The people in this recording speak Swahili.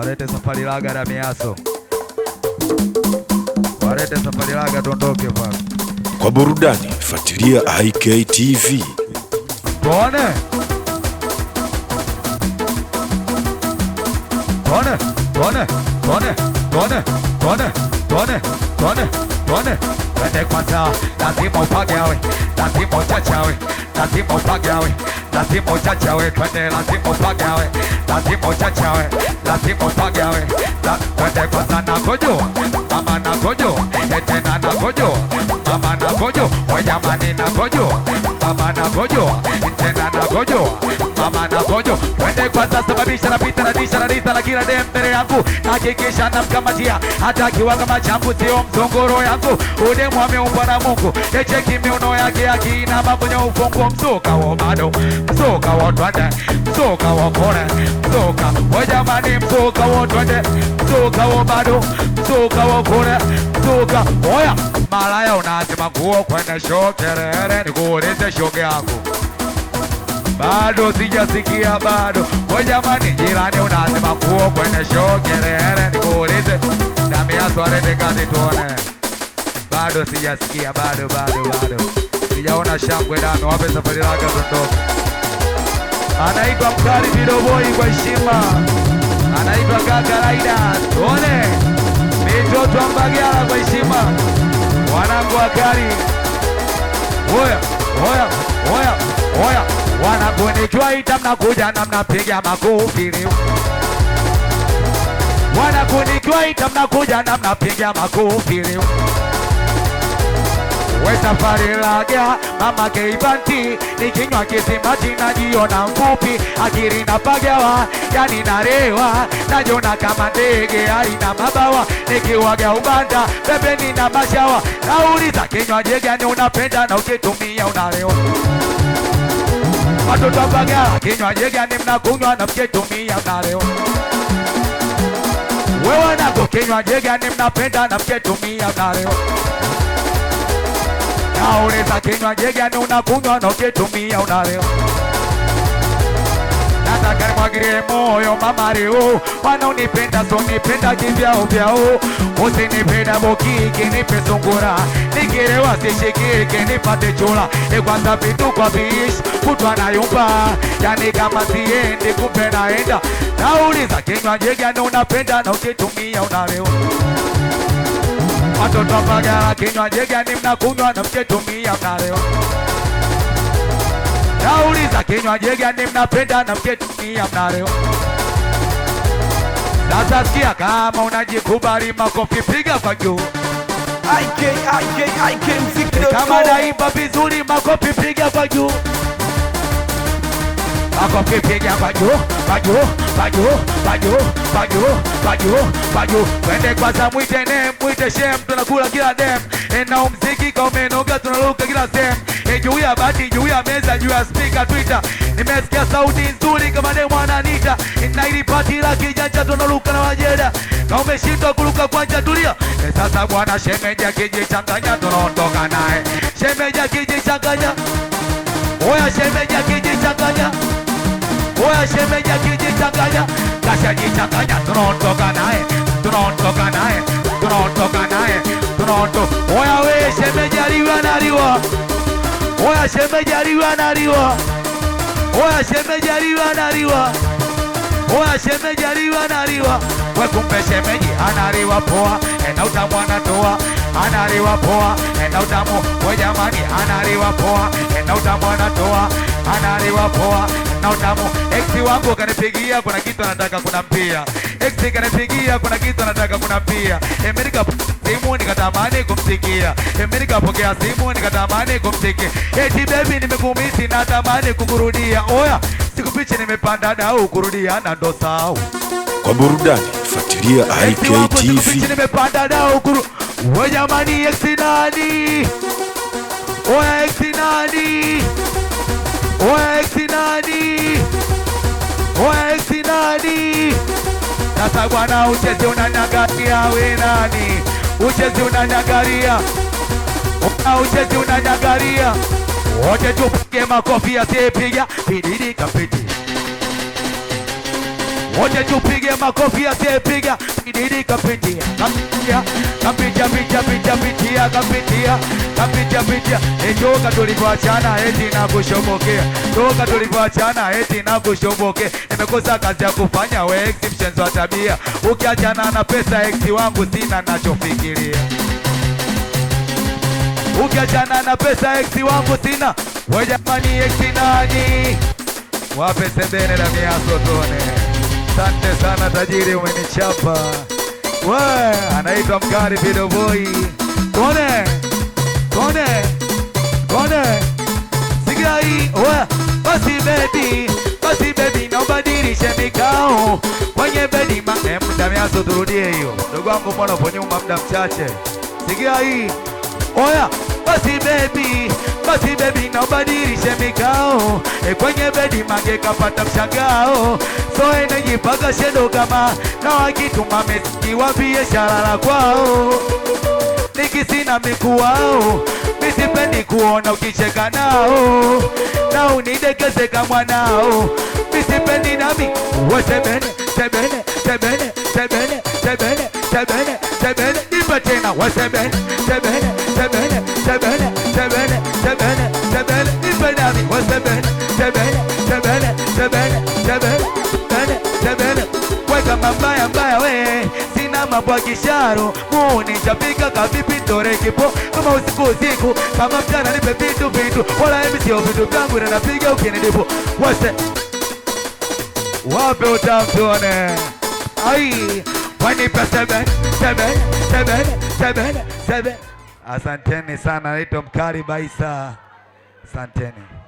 Walete safari laga na miaso, walete safari laga tuondoke bwana. Kwa burudani fuatilia IK TV. Tuone tuone tuone tuone tuone tuone Run, run, run. When they want to, that team of Pagawi, that team of Chachawi, that team of Pagawi, that team of Chachawi, when they la team of Pagawi, that team of Chachawi, that team of Pagawi, that when they want na Nagojo, Mama na Nagojo, Etena Nagojo, Mama na Nagojo, na Nagojo. mama nakojoa tena nakojoa mama nakojoa wende kwanza, sababisha napita na disha na dita la kila dem mbele yangu, hakikisha namkamatia hata kiwa kama changu sio mzongoro yangu. Udemu ameumbwa na Mungu, echeki miuno yake akinama kwenye ufungu msoka wa bado msoka wa twende msoka wa kore msoka wa jamani msoka wa twende msoka wa bado msoka wa kore msoka oya mara ya unazima nguo kwenda shokerere, nikuulize shoke yangu, bado sijasikia bado. We jamani, jirani, unazima nguo kwenda shokerere, nikuulize Samia Swarende kazi tuone, bado sijasikia bado, bado, bado sijaona shangwe. Dami wape safari lake zondoka, anaitwa Mkali Bidoboi kwa heshima, anaitwa kaka Raida tuone mitoto Mbagala kwa heshima wanangu gari oya oya oya oya, wanakunijua ita, mnakuja na mnapiga makofi leo, wanakunijua ita, mnakuja na mnapiga makofi leo weta palilaga mama keibanti nikinywa kisimati najiona mfupi akiri na pagawa yani narewa najona kama ndege haina mabawa nikiwaga ubanda pembeni na mashawa nauliza kinywaji ni unapenda na ukitumia unarewa watoto pagala kinywaji ni mnakunywa na ukitumia mnarewa wewe nako kinywaji ni mnapenda na ukitumia mnarewa Unaweza kinywa jega na unakunywa na ukitumia unalewa. Nataka nimwagilie moyo mama leo, wanaonipenda so nipenda kivyao vyao, usinipenda bokiki nipe sungura, nikilewa sishikike nipate chura, ni vitu kwa viishi kutwa na yumba, yani kama siendi kumbe naenda. Nauliza kinywa jega na unapenda na ukitumia unalewa Watoto wa Mbagala, kinywaji gani mnakunywa na mkitumia mnalewa? Nauliza, kinywaji gani mnapenda na mkitumia mnalewa? Sasa sikia, kama unajikubali, makofi piga kwa juu. Kama naimba vizuri, makofi piga kwa juu akapipija baju baju baju baju baju baju baju twende kwanza, mwite nem mwite shem, tunakula kila dem enao mziki kaumenoga, tunaruka kila sehemu e juu ya bati juu ya meza juu ya spika Twitter, nimesikia sauti nzuri kama demu ananita inailipati la kijanja, tunaruka na wajeda na umeshindwa kuruka kwanja, tulia e sasa bwana shemeji akijichanganya tunaondoka naye, shemeji akijichanganya oya shemeji wewe shemeji akijichanganya, kashajichanganya, tunaondoka naye, tunaondoka naye, tunaondoka naye, tunaondoka. Oya wewe shemeji aliwa na oya shemeji aliwa na oya shemeji aliwa na oya shemeji aliwa na liwa. kumbe shemeji analiwa poa, enda utamwana toa analiwa poa, enda utamu. We jamani, analiwa poa, enda utamwana toa, analiwa poa na utamu. Ex wangu kanipigia, kuna kitu anataka kunampia. Ex kanipigia, kuna kitu anataka kunampia. Amerika simu nikatamani kumsikia. Amerika pokea simu nikatamani kumsikia. Eti baby, nimekumisi natamani kukurudia. Oya, sikupichi nimepanda dau, kurudia na ndo sawa. Kwa burudani fuatilia IKTV. Nimepanda dau kuru we jamani, ex nani? Oya, ex nani? Sasa bwana, uchezi unanyagaria, we nani? Uchezi unanyagaria, uchezi unanyagaria, wote tupige makofi, asiyepiga pidirika pidi wote tupige makofi asiyepiga Kididi kapitia kapitia kapitia pitia pitia pitia kapitia kapitia pitia e, toka tulipoachana eti na kushobokea toka tulipoachana eti na kushobokea nimekosa kazi ya kufanya we exceptions wa tabia ukiachana na pesa ex wangu sina nachofikiria ukiachana na pesa ex wangu sina we jamani ex nani wape sembene na miasotone Asante sana tajiri, umenichapa we. Anaitwa Mkali Bidoboi. Kone kone kone sigai we, basi bebi, basi bebi, naubadilishe mikao kwenye bedi ma, eh, mda miazo turudie hiyo, ndugu wangu, mbona upo nyuma muda mchache? Sigai Oya basi baby, basi baby, naubadilishe mikao e, kwenye bedi mange kapata mshangao so najipaka shedo kama na wakituma meski wapie sharara kwao nikisina mikuwao misipendi kuona ukicheka nao na unidekeze mwanao misipendi nami uwe sebene sebene sebene sebene sebene sebene sebene nipa tena wasebene sebene tebele tebele tebele tebele nipe nami we tebele tebele tebele tebele tebele tebele tebele weka mabaya mbaya we sina mabwagisharo munijapika kavipi tore kipo kama usiku usiku kama mchana nipe vitu vitu wala hivi sio vitu vyangu nanapiga ukinidipo wese wape utamtuone ai wanipe sebele sebele sebele sebele sebele Asanteni sana, naitwa Mkari Baisa. Asanteni.